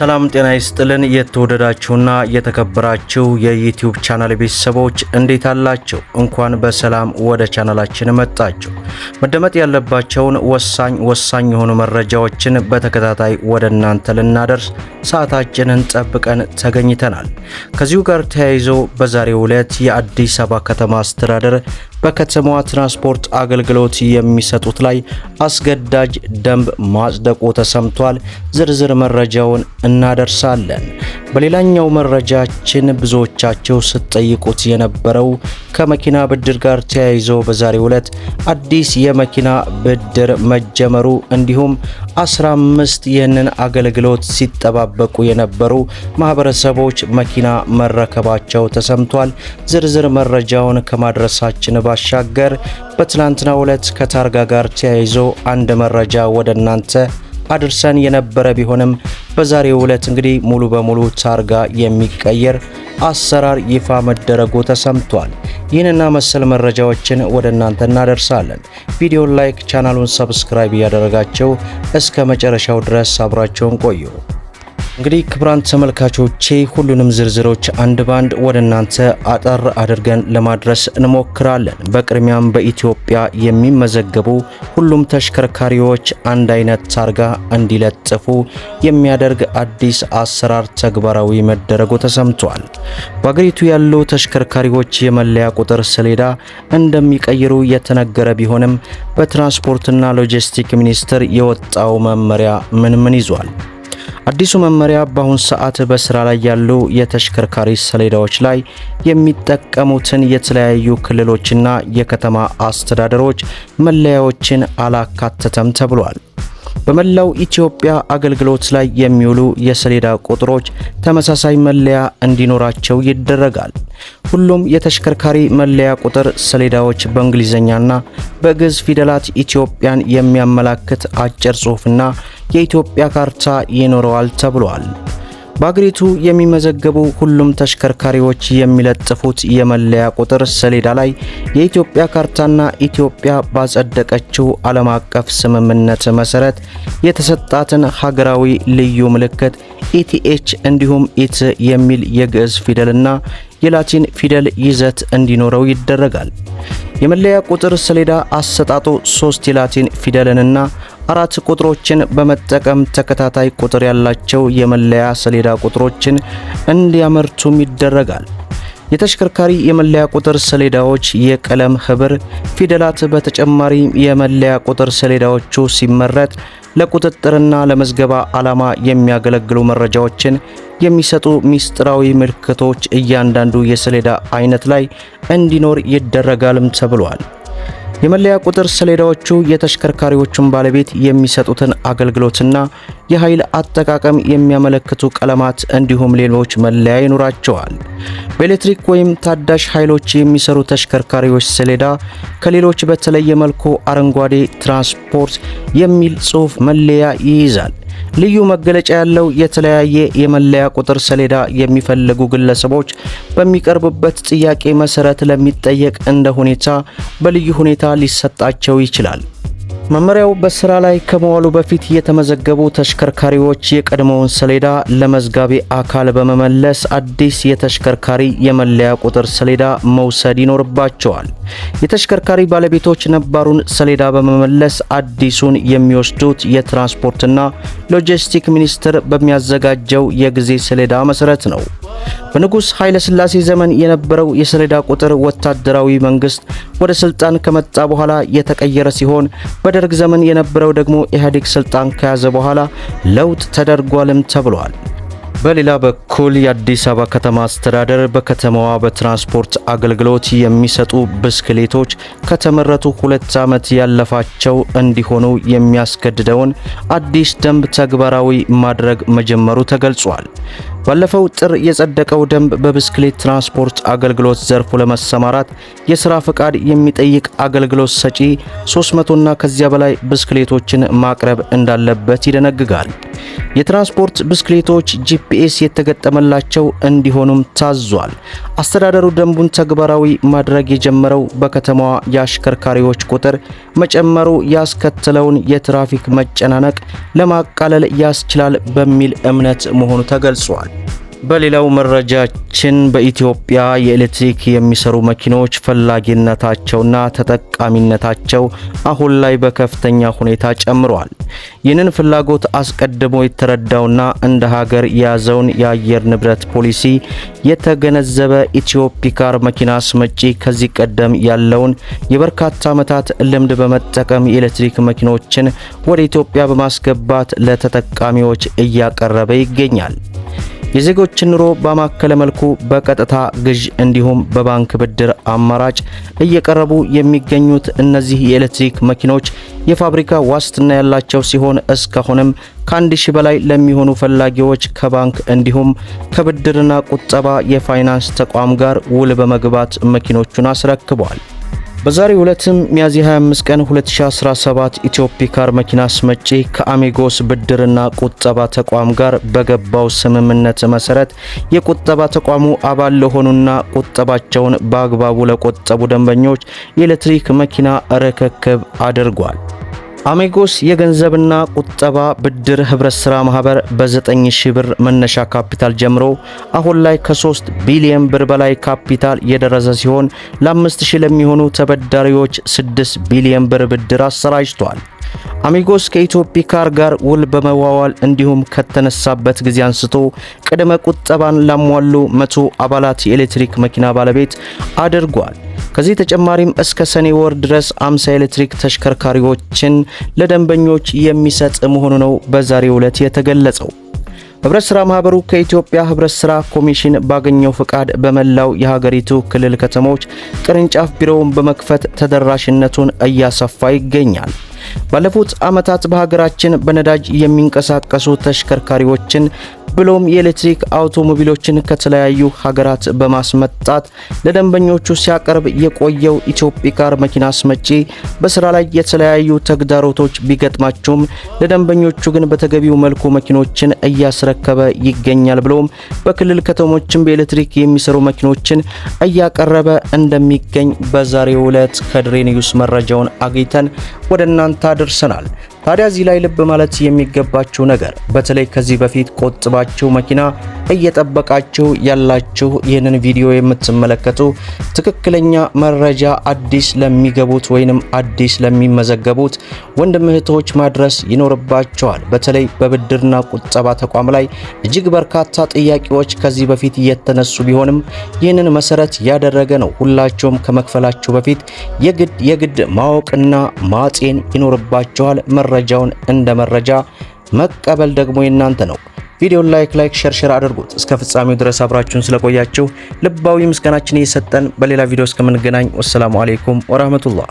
ሰላም ጤና ይስጥልን። የተወደዳችሁና የተከበራችሁ የዩቲዩብ ቻናል ቤተሰቦች እንዴት አላችሁ? እንኳን በሰላም ወደ ቻናላችን መጣችሁ። መደመጥ ያለባቸውን ወሳኝ ወሳኝ የሆኑ መረጃዎችን በተከታታይ ወደ እናንተ ልናደርስ ሰዓታችንን ጠብቀን ተገኝተናል። ከዚሁ ጋር ተያይዞ በዛሬው ዕለት የአዲስ አበባ ከተማ አስተዳደር በከተማዋ ትራንስፖርት አገልግሎት የሚሰጡት ላይ አስገዳጅ ደንብ ማጽደቁ ተሰምቷል። ዝርዝር መረጃውን እናደርሳለን። በሌላኛው መረጃችን ብዙዎቻቸው ስትጠይቁት የነበረው ከመኪና ብድር ጋር ተያይዞ በዛሬው ዕለት አዲስ የመኪና ብድር መጀመሩ እንዲሁም 15 ይህንን አገልግሎት ሲጠባበቁ የነበሩ ማህበረሰቦች መኪና መረከባቸው ተሰምቷል። ዝርዝር መረጃውን ከማድረሳችን ባሻገር በትናንትናው ዕለት ከታርጋ ጋር ተያይዞ አንድ መረጃ ወደ እናንተ አድርሰን የነበረ ቢሆንም በዛሬው ዕለት እንግዲህ ሙሉ በሙሉ ታርጋ የሚቀየር አሰራር ይፋ መደረጉ ተሰምቷል። ይህንና መሰል መረጃዎችን ወደ እናንተ እናደርሳለን። ቪዲዮን ላይክ፣ ቻናሉን ሰብስክራይብ እያደረጋቸው እስከ መጨረሻው ድረስ አብራቸውን ቆዩ። እንግዲህ ክብራን ተመልካቾቼ ሁሉንም ዝርዝሮች አንድ ባንድ ወደ እናንተ አጠር አድርገን ለማድረስ እንሞክራለን። በቅድሚያም በኢትዮጵያ የሚመዘገቡ ሁሉም ተሽከርካሪዎች አንድ አይነት ታርጋ እንዲለጥፉ የሚያደርግ አዲስ አሰራር ተግባራዊ መደረጉ ተሰምቷል። በአገሪቱ ያሉ ተሽከርካሪዎች የመለያ ቁጥር ሰሌዳ እንደሚቀይሩ የተነገረ ቢሆንም በትራንስፖርትና ሎጂስቲክ ሚኒስቴር የወጣው መመሪያ ምን ምን ይዟል? አዲሱ መመሪያ በአሁን ሰዓት በስራ ላይ ያሉ የተሽከርካሪ ሰሌዳዎች ላይ የሚጠቀሙትን የተለያዩ ክልሎችና የከተማ አስተዳደሮች መለያዎችን አላካተተም ተብሏል። በመላው ኢትዮጵያ አገልግሎት ላይ የሚውሉ የሰሌዳ ቁጥሮች ተመሳሳይ መለያ እንዲኖራቸው ይደረጋል። ሁሉም የተሽከርካሪ መለያ ቁጥር ሰሌዳዎች በእንግሊዝኛና በግዕዝ ፊደላት ኢትዮጵያን የሚያመላክት አጭር ጽሑፍና የኢትዮጵያ ካርታ ይኖረዋል ተብሏል። በአገሪቱ የሚመዘገቡ ሁሉም ተሽከርካሪዎች የሚለጥፉት የመለያ ቁጥር ሰሌዳ ላይ የኢትዮጵያ ካርታና ኢትዮጵያ ባጸደቀችው ዓለም አቀፍ ስምምነት መሰረት የተሰጣትን ሀገራዊ ልዩ ምልክት ኢቲኤች እንዲሁም ኢት የሚል የግዕዝ ፊደልና የላቲን ፊደል ይዘት እንዲኖረው ይደረጋል። የመለያ ቁጥር ሰሌዳ አሰጣጡ ሶስት የላቲን ፊደልንና አራት ቁጥሮችን በመጠቀም ተከታታይ ቁጥር ያላቸው የመለያ ሰሌዳ ቁጥሮችን እንዲያመርቱም ይደረጋል። የተሽከርካሪ የመለያ ቁጥር ሰሌዳዎች የቀለም ህብር፣ ፊደላት በተጨማሪ የመለያ ቁጥር ሰሌዳዎቹ ሲመረት ለቁጥጥርና ለመዝገባ ዓላማ የሚያገለግሉ መረጃዎችን የሚሰጡ ሚስጥራዊ ምልክቶች እያንዳንዱ የሰሌዳ አይነት ላይ እንዲኖር ይደረጋልም ተብሏል። የመለያ ቁጥር ሰሌዳዎቹ የተሽከርካሪዎቹን ባለቤት የሚሰጡትን አገልግሎትና የኃይል አጠቃቀም የሚያመለክቱ ቀለማት እንዲሁም ሌሎች መለያ ይኖራቸዋል። በኤሌክትሪክ ወይም ታዳሽ ኃይሎች የሚሰሩ ተሽከርካሪዎች ሰሌዳ ከሌሎች በተለየ መልኩ አረንጓዴ ትራንስፖርት የሚል ጽሑፍ መለያ ይይዛል። ልዩ መገለጫ ያለው የተለያየ የመለያ ቁጥር ሰሌዳ የሚፈልጉ ግለሰቦች በሚቀርብበት ጥያቄ መሰረት ለሚጠየቅ እንደ ሁኔታ በልዩ ሁኔታ ሊሰጣቸው ይችላል። መመሪያው በስራ ላይ ከመዋሉ በፊት የተመዘገቡ ተሽከርካሪዎች የቀድሞውን ሰሌዳ ለመዝጋቢ አካል በመመለስ አዲስ የተሽከርካሪ የመለያ ቁጥር ሰሌዳ መውሰድ ይኖርባቸዋል። የተሽከርካሪ ባለቤቶች ነባሩን ሰሌዳ በመመለስ አዲሱን የሚወስዱት የትራንስፖርትና ሎጂስቲክ ሚኒስቴር በሚያዘጋጀው የጊዜ ሰሌዳ መሰረት ነው። በንጉሥ ኃይለ ሥላሴ ዘመን የነበረው የሰሌዳ ቁጥር ወታደራዊ መንግስት ወደ ስልጣን ከመጣ በኋላ የተቀየረ ሲሆን በደርግ ዘመን የነበረው ደግሞ ኢህአዴግ ስልጣን ከያዘ በኋላ ለውጥ ተደርጓልም ተብሏል። በሌላ በኩል የአዲስ አበባ ከተማ አስተዳደር በከተማዋ በትራንስፖርት አገልግሎት የሚሰጡ ብስክሌቶች ከተመረቱ ሁለት ዓመት ያለፋቸው እንዲሆኑ የሚያስገድደውን አዲስ ደንብ ተግባራዊ ማድረግ መጀመሩ ተገልጿል። ባለፈው ጥር የጸደቀው ደንብ በብስክሌት ትራንስፖርት አገልግሎት ዘርፉ ለመሰማራት የሥራ ፈቃድ የሚጠይቅ አገልግሎት ሰጪ 300ና ከዚያ በላይ ብስክሌቶችን ማቅረብ እንዳለበት ይደነግጋል። የትራንስፖርት ብስክሌቶች ጂፒኤስ የተገጠመላቸው እንዲሆኑም ታዟል። አስተዳደሩ ደንቡን ተግባራዊ ማድረግ የጀመረው በከተማዋ የአሽከርካሪዎች ቁጥር መጨመሩ ያስከተለውን የትራፊክ መጨናነቅ ለማቃለል ያስችላል በሚል እምነት መሆኑ ተገልጿል። በሌላው መረጃችን በኢትዮጵያ የኤሌክትሪክ የሚሰሩ መኪኖች ፈላጊነታቸውና ተጠቃሚነታቸው አሁን ላይ በከፍተኛ ሁኔታ ጨምሯል። ይህንን ፍላጎት አስቀድሞ የተረዳውና እንደ ሀገር የያዘውን የአየር ንብረት ፖሊሲ የተገነዘበ ኢትዮፒካር መኪና አስመጪ ከዚህ ቀደም ያለውን የበርካታ ዓመታት ልምድ በመጠቀም የኤሌክትሪክ መኪኖችን ወደ ኢትዮጵያ በማስገባት ለተጠቃሚዎች እያቀረበ ይገኛል። የዜጎችን ኑሮ በማከለ መልኩ በቀጥታ ግዥ እንዲሁም በባንክ ብድር አማራጭ እየቀረቡ የሚገኙት እነዚህ የኤሌክትሪክ መኪኖች የፋብሪካ ዋስትና ያላቸው ሲሆን እስካሁንም ከአንድ ሺህ በላይ ለሚሆኑ ፈላጊዎች ከባንክ እንዲሁም ከብድርና ቁጠባ የፋይናንስ ተቋም ጋር ውል በመግባት መኪኖቹን አስረክቧል። በዛሬው ዕለትም ሚያዝያ 25 ቀን 2017 ኢትዮፒካር መኪና አስመጪ ከአሚጎስ ብድርና ቁጠባ ተቋም ጋር በገባው ስምምነት መሰረት የቁጠባ ተቋሙ አባል ለሆኑና ቁጠባቸውን በአግባቡ ለቆጠቡ ደንበኞች የኤሌክትሪክ መኪና ርክክብ አድርጓል። አሜጎስ የገንዘብና ቁጠባ ብድር ህብረት ሥራ ማህበር በ9000 ብር መነሻ ካፒታል ጀምሮ አሁን ላይ ከ3 ቢሊዮን ብር በላይ ካፒታል የደረሰ ሲሆን ለ5000 ለሚሆኑ ተበዳሪዎች 6 ቢሊዮን ብር ብድር አሰራጭቷል። አሚጎስ ከኢትዮጲ ጋር ውል በመዋዋል እንዲሁም ከተነሳበት ጊዜ አንስቶ ቅድመ ቁጠባን ላሟሉ መቶ አባላት የኤሌክትሪክ መኪና ባለቤት አድርጓል። ከዚህ ተጨማሪም እስከ ሰኔ ወር ድረስ አምሳ ኤሌክትሪክ ተሽከርካሪዎችን ለደንበኞች የሚሰጥ መሆኑ ነው በዛሬው ዕለት የተገለጸው። ህብረት ስራ ማህበሩ ከኢትዮጵያ ህብረት ስራ ኮሚሽን ባገኘው ፍቃድ በመላው የሀገሪቱ ክልል ከተሞች ቅርንጫፍ ቢሮውን በመክፈት ተደራሽነቱን እያሰፋ ይገኛል። ባለፉት ዓመታት በሀገራችን በነዳጅ የሚንቀሳቀሱ ተሽከርካሪዎችን ብሎም የኤሌክትሪክ አውቶሞቢሎችን ከተለያዩ ሀገራት በማስመጣት ለደንበኞቹ ሲያቀርብ የቆየው ኢትዮጵካር መኪና አስመጪ በስራ ላይ የተለያዩ ተግዳሮቶች ቢገጥማቸውም ለደንበኞቹ ግን በተገቢው መልኩ መኪኖችን እያስረከበ ይገኛል። ብሎም በክልል ከተሞችም በኤሌክትሪክ የሚሰሩ መኪኖችን እያቀረበ እንደሚገኝ በዛሬው ዕለት ከድሬ ኒውስ መረጃውን አግኝተን ወደ እናንተ አድርሰናል። ታዲያ እዚህ ላይ ልብ ማለት የሚገባችሁ ነገር በተለይ ከዚህ በፊት ቆጥባችሁ መኪና እየጠበቃችሁ ያላችሁ ይህንን ቪዲዮ የምትመለከቱ ትክክለኛ መረጃ አዲስ ለሚገቡት ወይንም አዲስ ለሚመዘገቡት ወንድም እህቶች ማድረስ ይኖርባቸዋል። በተለይ በብድርና ቁጠባ ተቋም ላይ እጅግ በርካታ ጥያቄዎች ከዚህ በፊት እየተነሱ ቢሆንም ይህንን መሰረት ያደረገ ነው። ሁላችሁም ከመክፈላችሁ በፊት የግድ የግድ ማወቅና ማጤን ይኖርባቸዋል። መረጃውን እንደ መረጃ መቀበል ደግሞ የናንተ ነው። ቪዲዮን ላይክ ላይክ ሼር ሼር አድርጉት። እስከ ፍጻሜው ድረስ አብራችሁን ስለቆያችሁ ልባዊ ምስጋናችን እየሰጠን በሌላ ቪዲዮ እስከምንገናኝ ወሰላሙ አሌይኩም ወራህመቱላህ